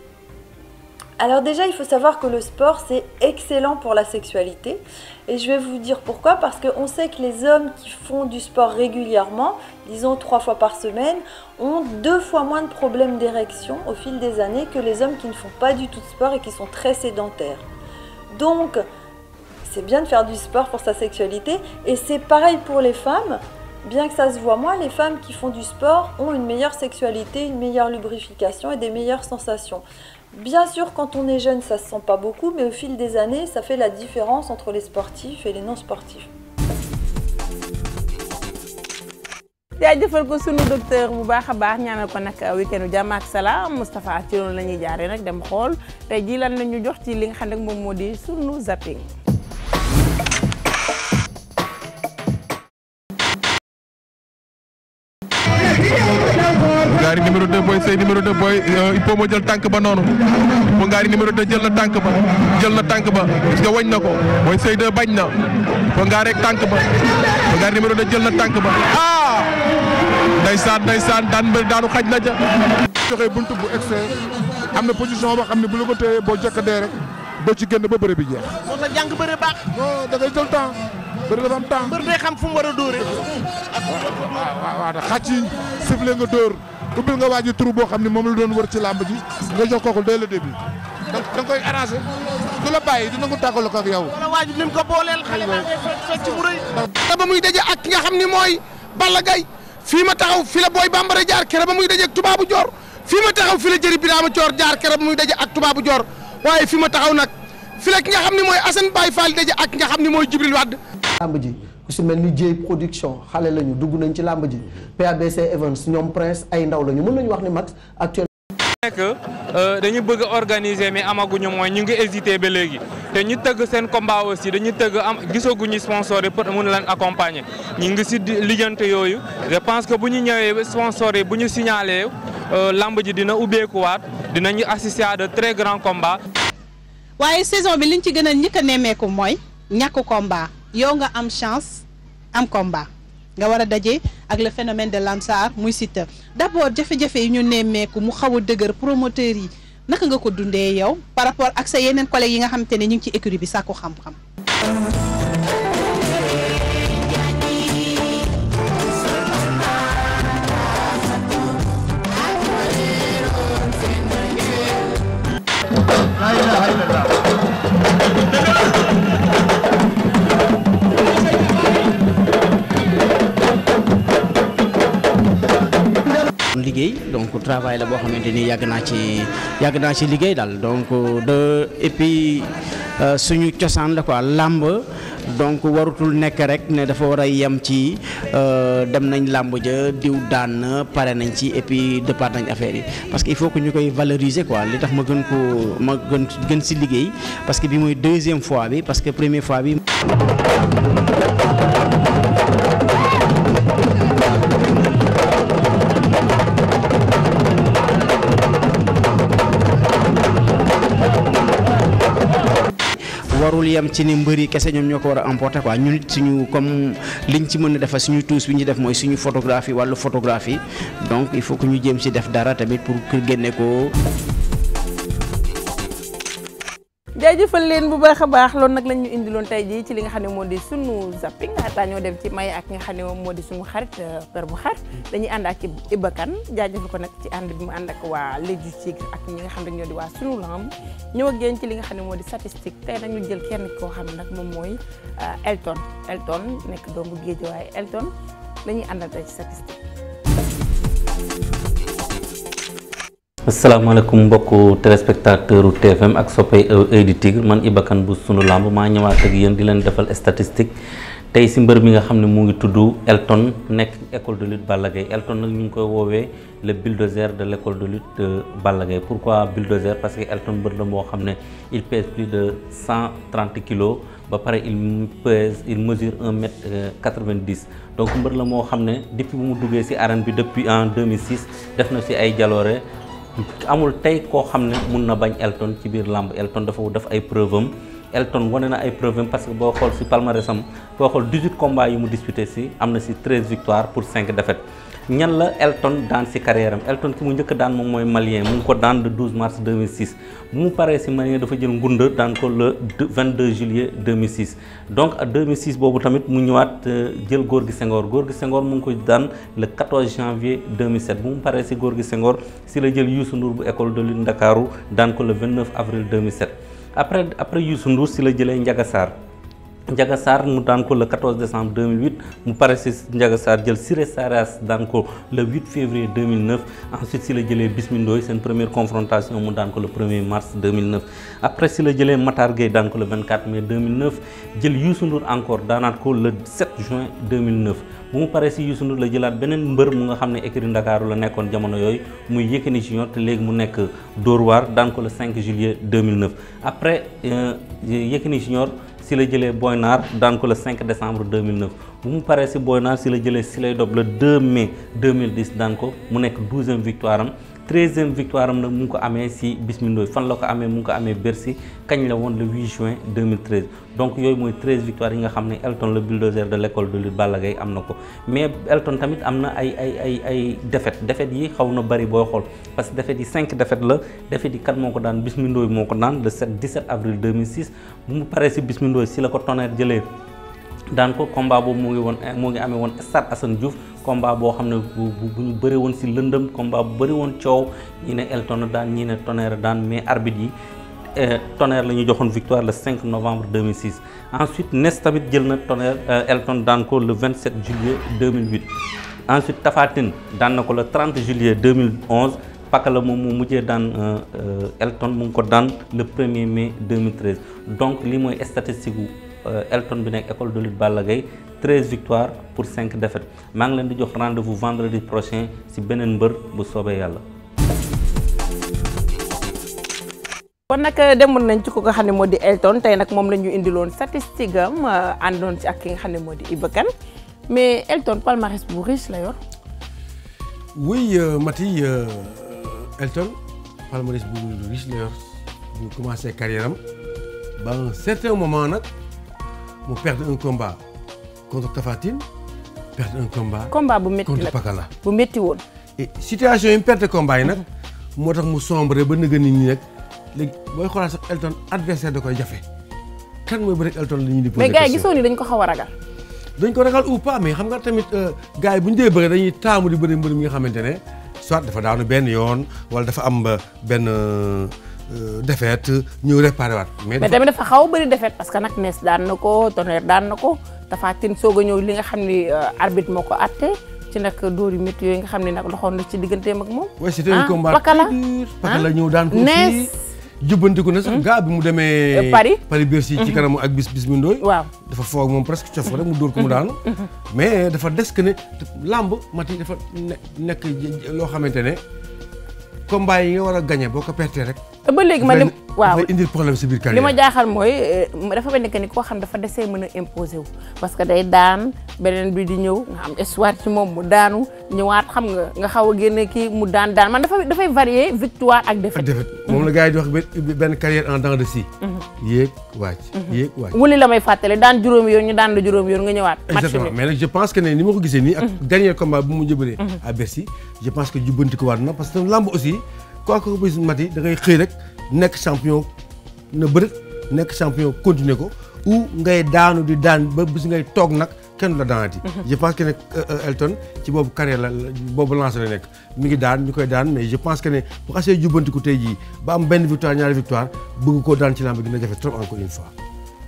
Alors déjà, il faut savoir que le sport, c'est excellent pour la sexualité. Et je vais vous dire pourquoi, parce qu'on sait que les hommes qui font du sport régulièrement, disons trois fois par semaine, ont deux fois moins de problèmes d'érection au fil des années que les hommes qui ne font pas du tout de sport et qui sont très sédentaires. Donc, c'est bien de faire du sport pour sa sexualité. Et c'est pareil pour les femmes. Bien que ça se voit moins, une meilleure Bien sûr, quand on est jeune, ça se sent pas beaucoup, mais au fil des années, ça fait la différence entre les sportifs et les non-sportifs. jaajëfal ko sunu bu baax a baax ñaanal ko nag weekendu jàmm ak salaam Moustapha ci loolu la ñuy jaaree nag dem xool tey jii lan la ñu jox ci li nga xam ne moom moo di sunu zapping. Bongari numéro 2 booy sëy numéro 2 booy Ipo moo jël tànk ba noonu Bongari numéro 2 jël na tànk ba jël na tànk ba gis nga wañ na ko booy sëy 2 bañ na Bongari ak tànk ba Bongari numéro 2 jël na tànk ba ah ndeysaan ndeysaan daan mbër daanu xaj na na position boo xam ne bu la ko téye boo jëkk dee rek doo ci génn ba bëre bi jeex. moom jàng bëre baax. non da ngay jël temps bëri dafa am temps. mbër day xam fu mu war a dóoree. waaw ubbil nga waaj tur boo xam ne moom la doon wër ci làmb ji nga jox kooku dès le début da nga koy arrangé du la bàyyi dina ko tàggaloo ak yow. wala waajib ni ko booleel xale ba ngay fecc mu ba muy daje ak ki nga xam ne mooy Balla Gaye fii ma taxaw fi la booy bambara jaar kere ba muy daje ak tubaabu joor fii ma taxaw fi la jëri biraama coor jaar kere ba muy daje ak tubaabu joor waaye fi ma taxaw nag fi la ki nga xam ne mooy Assane Baye Fall daje ak ki nga xam ni mooy Jibril Wade. ji. si mel ni Dieye production xale lañu dugg nañ ci làmb ji PABC Events ñoom Prince ay ndaw lañu mën nañu wax ni Max actuellement. nekk euh, dañu bëgg organiser mais amaguñu mooy ñu ngi hésité ba léegi te ñu tëgg seen combat aussi dañu tëgg am gisaguñu sponsor yi pour mun leen accompagner ñu ngi si lijjante yooyu je pense que bu ñu ñëwee sponsor yi bu ñu signalé euh, lamb ji dina ubbeekuwaat dina ñu à de très grands combats. waaye saison bi liñ ci gën a mooy ñàkk yow nga am chance am combat nga war a daje ak le phénomène de Lansar muy Siteu d'abord jafe-jafe yi ñu nemmeeku mu xaw a dëgër promoteur yi naka nga ko dundee yow par rapport ak sa yeneen collègues yi nga xamante ne ñu ngi ci écurie bi sàkku xam-xam. travail la boo xamante ni yàgg naa ci yàgg naa ci liggéey daal donc de et euh, suñu cosaan la quoi làmb donc waratul nekk rek ne dafa war a yem ci euh, dem nañ làmb ja diw daan na pare nañ ci et puis départ nañ affaire yi parce que il faut que ñu koy valoriser quoi li tax ma gën ko ma gën gën si liggéey parce que bi mooy deuxième fois bi parce que première fois bi. yem ci ni mbëri kese ñoom ñoo ko war a emporter quoi ñu it suñu comme liñ ci mën a defar suñu tuus bi ñu def mooy suñu photographie wàllu photographie donc il faut que ñu jéem si def dara tamit pour génne ko. jëfal leen bu baax a baax loolu nag lañ ñu indiloon tey jii ci li nga xam ne moo di sunu zapping laataa ñoo dem ci may ak nga xam ne moom moo di sunu xarit euh, per bu xar dañuy ànd ak Iba Kane jaajëfal ko nag ci ànd bi mu ànd ak waa léegi ci ak ñi nga xam ne ñoo di waa sunu lamb ñëw ak ci li nga xam ne moo di statistique tey nag ñu jël kenn koo xam ne nag moom mooy euh, Elton Elton nekk doomu Géejawaay Elton dañuy àndal tey ci statistique asalaamaaleykum mbokku téléspectateur TFM ak soppay Œil e du Tigre man Iba Kane bu sunu làmb maa ñëwaat ak yéen di leen defal statistique tey si mbër mi nga xam ne mu ngi tudd Elton nekk école de lutte Balla Gaye Elton nag ñu ngi koy woowee le bulldozer de de école de lutte Balla Gaye pourquoi bulldozer parce que Elton mbër la moo xam ne il pèse plus de cent trente kilos ba pare il pèse il mesure un mètre euh, quatre vingt dix donc mbër la moo xam ne depuis bu mu duggee si arène bi depuis en 2006 def na si ay jaloore. amul tey koo xam ne mun na bañ Elton ci biir làmb Elton dafa def ay preuve am Elton wane na ay preuve am parce que boo xool si palmarès am boo xool 18 combats yu mu disputé si am na si 13 victoires pour 5 défaites. ñan la Elton daan si carrière Elton ki mu njëkk daan moom mooy malien mu ngi ko daan le 12 mars 2006 bu mu paree si malien dafa jël ngunda daan ko le 22 juillet donc boobu tamit mu ñëwaat euh, jël góor gi Senghor góor gi Senghor mu ngi ko daan le 14 janvier 2007 bu mu paree si góor gi Senghor si la jël Youssou Ndour bu école de lutte Ndakaaru daan ko le 29 avril 2007 après après Youssou Ndour si la jëlee Ndiaga Sarr Ndiaga Sarr mu daan ko le 14 décembre 2008 mu pare si Ndiaga Sarr jël Siré Saras daan ko le 8 février 2009 ensuite si la jëlee Bismi Ndoye seen première confrontation mu daan ko le 1er après si la jëlee Matar Gueye daan ko le 24 juin bu mu paree si Youssou la jëlaat beneen mbër mu nga xam ne écurie Ndakaaru la nekkoon jamono yooyu muy Yékini Junior te léegi mu nekk Dóor daan ko le 5 après euh, Yékini Junior ci la jëlee Boy Naar daan ko le 5 décembre 2009 bu mu paree si Boy Naar si la jëlee si lay dob le 2 mai 2010 daan ko mu nekk douzième victoire am treizième victoire am nag mu ngi ko amee si Bismi Ndoye fan la ko amee mu ngi ko amee Bercy kañ la woon le 8 juin 2013 donc yooyu mooy treize victoires yi nga xam ne Elton le bulldozer de l' de lutte Balla Gaye am na ko mais Elton tamit am na ay ay ay ay défaites yi xaw na bari booy xool parce que défaites yi cinq défaites la défaites yi kat moo ko daan Bismi moo ko daan le 7 17 avril 2006 bu mu paree si Bismi si la ko daan ko combat boobu mu ngi woon mu ngi amee woon stade Assane Diouf combat boo xam ne bu bu ñu bëri woon si lëndëm combat bu bëri woon coow ñi ne Elton daan ñi ne Tonnerre daan mais arbitre yi euh, Tonnerre la ñu joxoon victoire le 5 novembre 2006. ensuite Nes tamit jël na Tonnerre euh, Elton daan ko le 27 juillet 2008 ensuite Tafatine daan na ko le 30 juillet 2011. Pakala moom mu mujjee daan euh, Elton mu ngi ko daan le 1er mai 2013 donc lii mooy statistique Euh, Elton bi nekk école de lutte Balla Gaye pour cinq défaites maa ngi leen di jox rendez-vous vendredi prochain ci beneen mbër bu soobee yàlla. kon nag euh, demoon nañ ci ko nga xam ne moo di Elton tey nag moom la indiloon statistique am euh, àndoon ci ak ki nga xam ne moo di Iba Kane mais Elton palmarès bu riche la yor. oui Maty Elton palmarès bu riche la yor bu commencé ba certain moment nag. mu perdre un combat contre Tapha Tine perdre combat. bu métti contre Pakala bu métti woon. et yi mu perte combat yi nag moo tax mu sombre ba nëgën nit ñi nag léegi booy xoolaat sax Elton adversaire da koy jafe kan mooy bëri Elton la ñuy di. posé mais gars yi gisoo ni dañ ko xaw a ragal. dañ ko ragal ou pas mais xam nga tamit euh, gars yi bu ñu dee bëri dañuy taamu di bëri mbër mi nga xamante ne soit dafa daanu benn yoon wala dafa am euh, benn. Euh, Euh, défaite ñu réparé waat. mais tamit dafa xaw a bëri défaite parce que nag nees daan na ko tonnerre daan na ko Tapha Tine soog a ñëw li nga xam ni euh, arbitre ko àtte ci nag dóor yu métti yooyu nga xam ne nag loxoon na ci digganteem ak moom. ah c'était un ah, combat très dur ah, ñëw daan ko aussi jubbantiku na sax hmm? gaa bi mu demee. Euh, Paris Paris Bercy ci hmm, hmm. kanamu ak bis bis mi ndooy waaw dafa foog moom presque cof rek mu dóor ko mu daanu. mais dafa des que ne làmb mati dafa nekk loo xamante ne combat yi nga war a gagné boo ko pertee rek. te ba léegi ma li waaw dafay ma jaaxal mooy euh, dafa mel ni ni koo xam dafa desee mën a imposer parce que day daan beneen bi ñëw nga am histoire ci moom mu daanu ñëwaat xam nga nga a génne kii mu daan daan man dafa dafay varier victoire ak défaite. moom la gars yi di wax benn carrière en dents de scie. Mhm. Mhm. la may fàttali daan juróomi yoon nga ñëwaat. exactement mais ne ni ma ko gisee nii. ak mhm. dernier combat bu mu jëbalee. à Bercy je waat na parce que lamb aussi quoi que bis mati da ngay xëy rek nekk champion na bërëg nekk champion continuer ko ou ngay daanu di daan ba bis ngay toog nag kenn la daanati. Mhm. je pense que ne euh, euh, Elton ci boobu carrière la boobu lancé nekk mi ngi daan ñu koy daan mais je pense que ne bu xasee jubbantiku tey jii ba am benn victoire ñaari victoire bëgg koo daan ci làmb gi dina jafe trop encore une fois.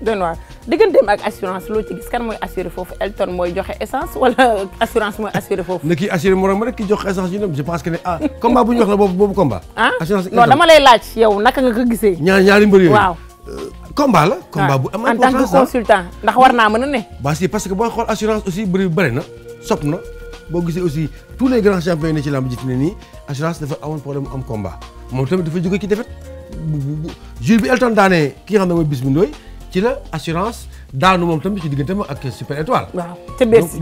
doy na waar digganteem ak assurance loo ci gis kan mooy assuré foofu Elton mooy joxe essence wala assurance mooy assuré foofu. ne kii assuré morom rek ki joxe essence ah, ñu ne la boobu ah? laaj yow naka nga ko gisee. ñaar ñaari mbër euh, la. combat bu am importance en tant que ah. consultant ndax war naa mën a ne. ba si parce que booy xool assurance aussi bëri bëri na sopp na boo gisee aussi tous les grands champions yi ci lamb ji fi ne nii assurance dafa amoon problème am combat moom tamit dafa jóge bi Elton daanee ki nga xam ne mooy Bismi Ndoye ci la assurance daanu moom tamit ci digganteem ak super étoile.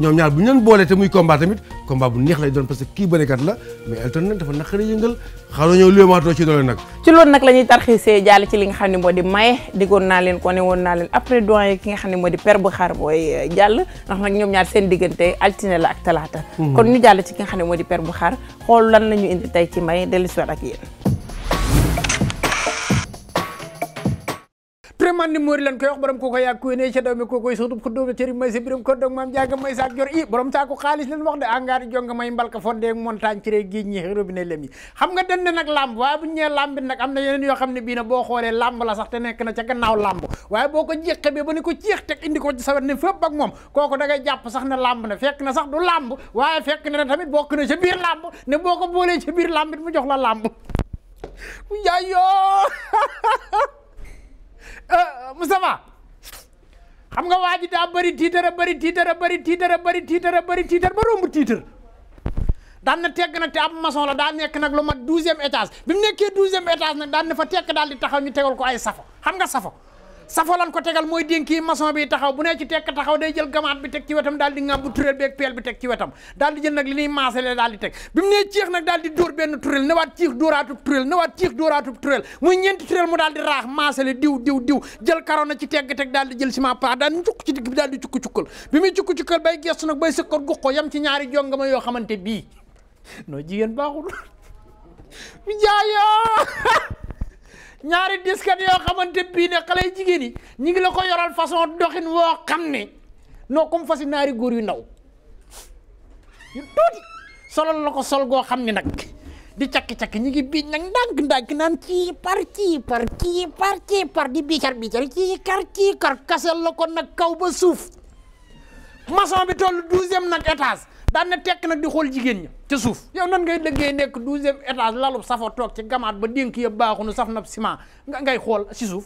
ñoom ñaar bu ñu leen boolee te muy combat tamit combat bu neex lay doon parce que kii bërekat la mais Elton nag dafa naqare yëngal xaaral ñëw léemaatoo ci doole nag. ci loolu nag la ñuy tarxiisee jàll ci li nga xam ne moo di maye diggoon naa leen ko ne woon naa leen après doyen ki nga xam ne moo di père bu xaar booy euh, jàll ndax nag ñoom ñaar seen diggante altine la ak talaata. Mhm. kon ñu jàll ci ki nga xam ne moo di père bu xaar xool lan la ñu indi tey ci may dellusiwaat ak yéen préman ni moori lan koy wax borom ko ko yaag kuy ne ca daw mi kookoy suutub ko dóob cëri may sa biram ko dog maam jaaga may saak jor i borom saako xaalis leen wax de angaari jonga may mbalka fondee montagne ci ree géej ñi robinet lem yi xam nga den ne nag làmb waaye bu ñu nee làmbit nag am na yeneen yoo xam ne bii na boo xoolee làmb la sax te nekk na ca gannaaw làmb waaye boo ko jéqe ba ba ni ko ceex teg indi ko ci sawet ne fépp ak moom kooku da ngay jàpp sax ne làmb na fekk na sax du làmb waaye fekk na tamit bokk na ca biir làmb ne boo ko boolee ca biir làmbit mu jox la làmb yaayoo Eh, Moustapha xam nga waa ji daa bëri tiitara bëri tiitara bëri tiitara bëri tiitara bëri tiitara ba romb tiitara daan na tegg nag te ab maçon la daa nekk nag lu ma douzième étage bi mu nekkee douzième étage nag daan ne fa tekk daal di taxaw ñu tegal ko ay safo xam nga safo safalan ko tegal mooy dénki maçon bi taxaw bu nee ci tekk taxaw day jël gamaat bi teg ci wetam daal di ngam bu turéel beeg peel bi teg ci wetam daal di jël nag li ñuy maasale daal di teg bi mu nee ciix nag daal di dóor benn turéel newaat ciix dóoraatub turéel newaat ciix dóoraatub turéel muy ñeenti turéel mu daal di raax maasale diw diw diw jël karona ci teg di jël ciment di cukk ci digg bi daal di cukk-cukkal bi muy cukk-cukkal bay gestu nag bay sëkkat ñaari disket yoo xamante bii ne xale yu jigéen yi ñu ngi la ko yoral façon doxin woo xam ne noo comme fasi naari góor yu ndaw yu tuuti solal la ko sol goo xam ne nag di cakki-cakki ñu ngi biic nag ndànk-ndànk naan ci par ci par ci par ci par di biicar biicar ci kar ci kasel la ko nag kaw ba suuf maçon bi tollu douzième nag étage daan na tekk nag di xool jigéen ñi ca suuf yow nan ngay liggéey nekk douzième étage lalub safo toog ci gamaat ba dénk yëpp baaxunu saf nab ciment nga ngay xool si suuf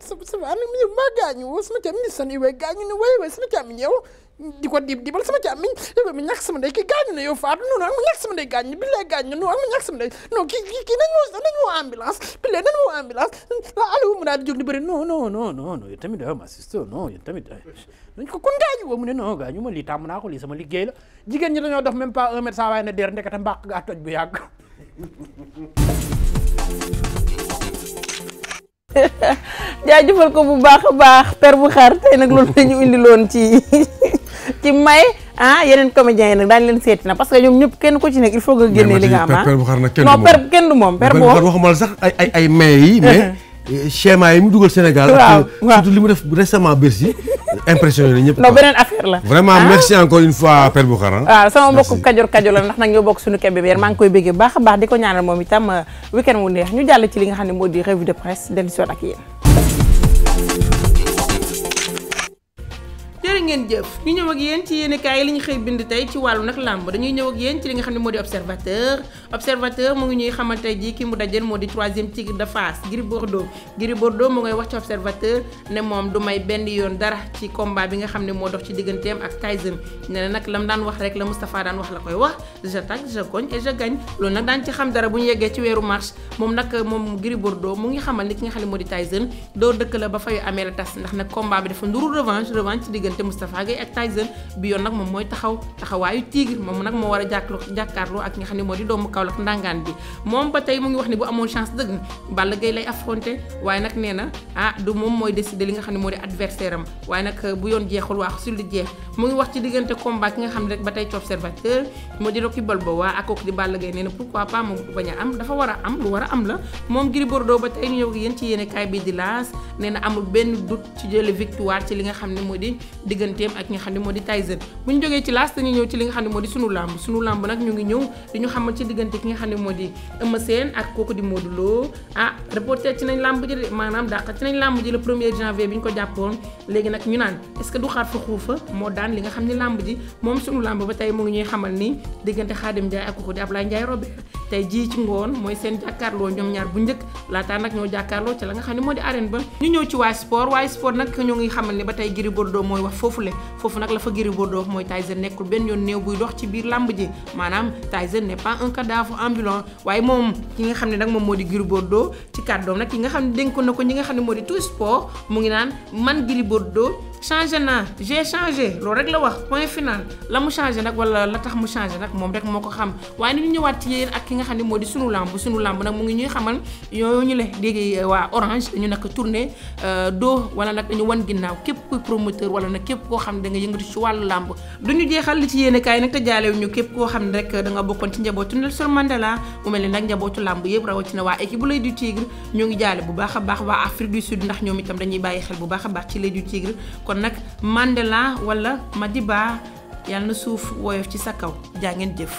sama ami ma gaañu woo sama càmmiñ san iwee gaañu ne way way sama càmmiñ yow di ko dib dibal sama càmmiñ yow sama ndey ki gaañu ne yow faatu noonu ak mu ñàkk sama ndey gaañu bi lay gaañu noonu ak mu ñàkk sama ndey non ki ki woo nañ woo ambulance bi lay nañ ma sister non dañ ko kon gaañu woo mu ne non gaañu ma lii tàmm naa ko lii sama liggéey la jigéen ñi dañoo def même pas un mètre cent waaye ne der ndekete mbàq gaa toj bu yàgg jaajëfal ko bu baax a baax per bu xar tey nag loolu la ñu indiloon ci ci may ah yeneen comédiens yi nag daañu leen seeti na parce que ñoom ñëpp kenn ku ci nekk il faut nga génne li nga am ah. per bu xar nag kenn du moom non per kenn du moom. per bu waxumala sax ay ay ay may yi mais. schéma yi mu dugal Sénégal. waaw surtout li mu def récemment Bercy impressionné na ñëpp. non beneen affaire la. vraiment ah. merci encore une fois Père Boukhara. waaw sama mbokk Kajoor Kajoor la ndax nag ñoo bokk suñu kebe bi maa ngi koy bëggee baax a baax di ko ñaanal moom itam tam end wu neex ñu jàll ci li nga xam ne moo di revue de presse dellu si ak yéen. ngeen jëf ñu ci yéenekaay yi li ñu xëy bind tey ci wàllu nag làmb dañuy ñëw ak ci li nga xam ne moo di observateur observateur mu ngi ñuy xamal tey jii ki mu dajeel moo di troisième tigre de Fass Bordeaux Gris Bordeaux mu ngay wax ci observateur ne moom du may benn yoon dara ci combat bi nga xam ne moo dox ci digganteem ak Tyson ne na nag lam daan wax rek la Moustapha daan wax la koy wax j'attaque je cogne et je gagne loolu nag daan ci xam Moustapha Gueye ak Tyson bi yoon nag moom mooy taxaw taxawaayu tigre moom nag moo war a jàkkaarloo ak nga xam ne moo di doomu Kaolack ndàngaan bi moom ba tey mu ngi wax ne ah mooy décider li nga xam ne moo di adversaire am waaye nag bu yoon jeexul waax sul di jeex diggante combat ki nga xam ne rek ba tey ci observateur moo di Rocky Balboa ak kooku di Balla Gaye nee na pourquoi pas mu bañ a am dafa war a am lu war a am la moom Gris ba tey ñu ñëw yéen ci yéene kaay bi di laas nee amul benn doute ci jële victoire ci li nga xam digganteem ak ñi nga xam ne moo di Tyson bu ñu jógee ci laas dañuy ñëw ci li nga xam ne moo di sunu làmb sunu làmb nag ñu ngi ñëw di ñu xamal ci moom di Ablaye jii ci ngoon mooy seen jàkkaarloo ñoom ñaar bu njëkk laataa nag ñoo jàkkaarloo ci la nga xam ne moo di arène ba ñu ñëw ci waa sport waa sport nag ñoo ngi xamal ni ba tey Gris Bordeaux mooy wax foofu foofule foofu nag la fa Gris Bordeaux wax mooy Tyson nekkul benn yoon néew buy dox ci biir làmb ji maanaam Tyson n'est pas un cadavre ambulant waaye moom ki nga xam ne nag moom moo di Gris doo ci kàddoom nag ki nga xam ne dénk na ko ñi nga xam ne moo di tout sport mu ngi naan man Gris doo changé naa j'ai changé loolu rek la wax point final la mu changé nag wala la tax mu changé nag moom rek moo ko xam waaye ni ñu ñëwaat ci yéen ak ki nga xam ne moo di sunu làmb sunu làmb nag mu ngi ñuy xamal yooyu ñu le léegi euh, waa orange dañu nag tourné euh, doo wala nag dañu wan ginnaaw képp kuy wala nag képp koo xam ne da nga yëngatu ci wàllu làmb duñu jeexal li ci yéen kaay nag te jaalewu ñu képp koo xam ne rek danga nga bokkoon ci njabootu Nelson Mandela mu mel ni nag njabootu làmb yëpp rawatina waa équipe bu L'Oeil du Tigre ñoo ngi jaale bu baax a baax waa Afrique du Sud ndax ñoom itam dañuy bàyyi xel bu baax a baax ci L'Oeil du kon nag Mandela wala Madiba yàlla na suuf woyof ci sa kaw jaa ngeen jëf.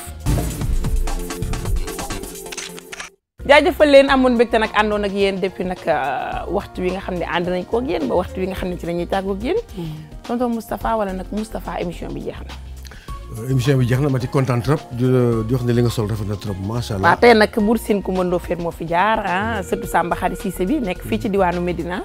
jaajëfal leen amoon mbégte nag àndoon ak yéen depuis nag euh, waxtu wi nga xam ne ànd nañ koog yéen ba waxtu wi nga xam ne ci la ñuy tàggoog yéen. Mm. tonton Moustapha wala nag Moustapha émission bi jeex na. Euh, émission bi jeex na ma ci kontaan trop euh, di wax ne li nga sol rafet na trop macha allah. waaw tey nag Bour Sine Coumba Ndofféne moo fi jaar ah surtout Samba Khary Cissé bi nekk fii ci diwaanu Médina.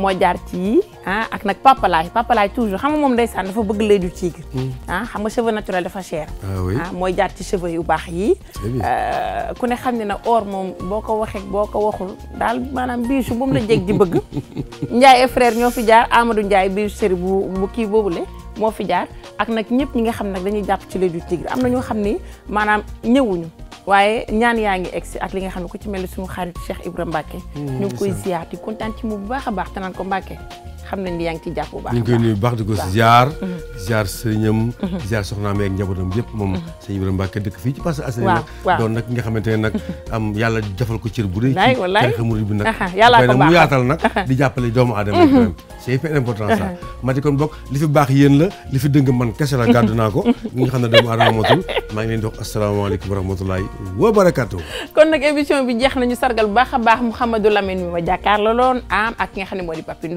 moo jaar ci yii ah ak nag papalaay papalaay toujours xam nga moom ndeysaan dafa bëgg lait du tigre. Mm. ah xam nga cheveux naturel dafa cher. ah, ah mooy jaar ci cheveux yu baax yii. Euh, ku ne xam ne na or moom boo ko waxee boo ko waxul daal maanaam biisu su moom la jeg ji bëgg. Ndiaye et ñoo fi jaar Amadou Ndiaye biisu sëri bu bu kii le moo fi jaar ak nag ñëpp ñi nga xam nag dañuy jàpp ci lait du tigre am na ñoo xam ni maanaam ñëwuñu. waaye ñaan yaa ngi egsi ak li nga xam ne ku ci mel ni suñu xarit Cheikh Ibra Mbacke. Mm, ñu ngi koy ziar di kontaan ci mu bu baax a baax te naan ko Mbacke. xam nañ ni yaa ngi ci jàpp bu baax ñu ngi koy nuyu baax di ko ziar mhm. ziar sëriñam mhm. ziar soxnaam ak njabootam yëpp moom mhm. sëñ Ibrahima Mbacke dëkk fii ci parce que asri nag doon nag nga xamante ne nag am ko cër bu rëy ci murid bi nag yàlla ko baax mu yaatal nag di jàppale doomu aadama yi c'est hyper important ça ma kon bokk li fi baax yéen la li fi dëng man kese la gàddu naa ko ñi xam ne doomu aadama matul maa ngi leen di wax asalaamaaleykum wa rahmatulahi wa barakatu kon nag émission bi jeex nañu sargal bu baax a baax Mouhamadou Lamine mi ma jàkkaar la loon xam ne moo di Papi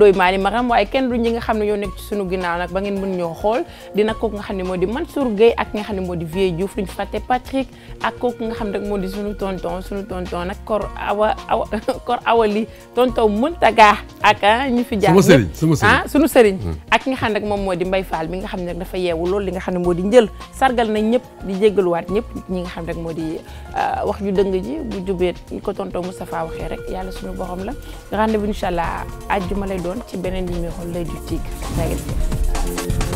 Ndoye Mali Maram waaye kenn du ñi nga xam ne ñoo nekk ci sunu ginnaaw nag ba ngeen mën ñoo xool dina kooku nga xam ne moo di Mansour Gueye ak nga xam ne moo di Vieux Diouf duñ fàtte Patrick ak nga xam ne moo di tonton sunu tonton nag kor ak ah, ñu ah, sunu sëriñ hmm. ak nga xam ne moom moo di Mbaye Fall mi nga xam ne dafa yeewu loolu li nga xam ne moo di njël sargal na ñëpp di jéggaluwaat ñëpp ñi nga xam ne moo di ah, wax ju dëng ji bu jubee ko tonton Moustapha waxee rek yàlla sunu borom la lay doon doon ci beneen numéro l'Oeil du Tigre jaa ngeen jëf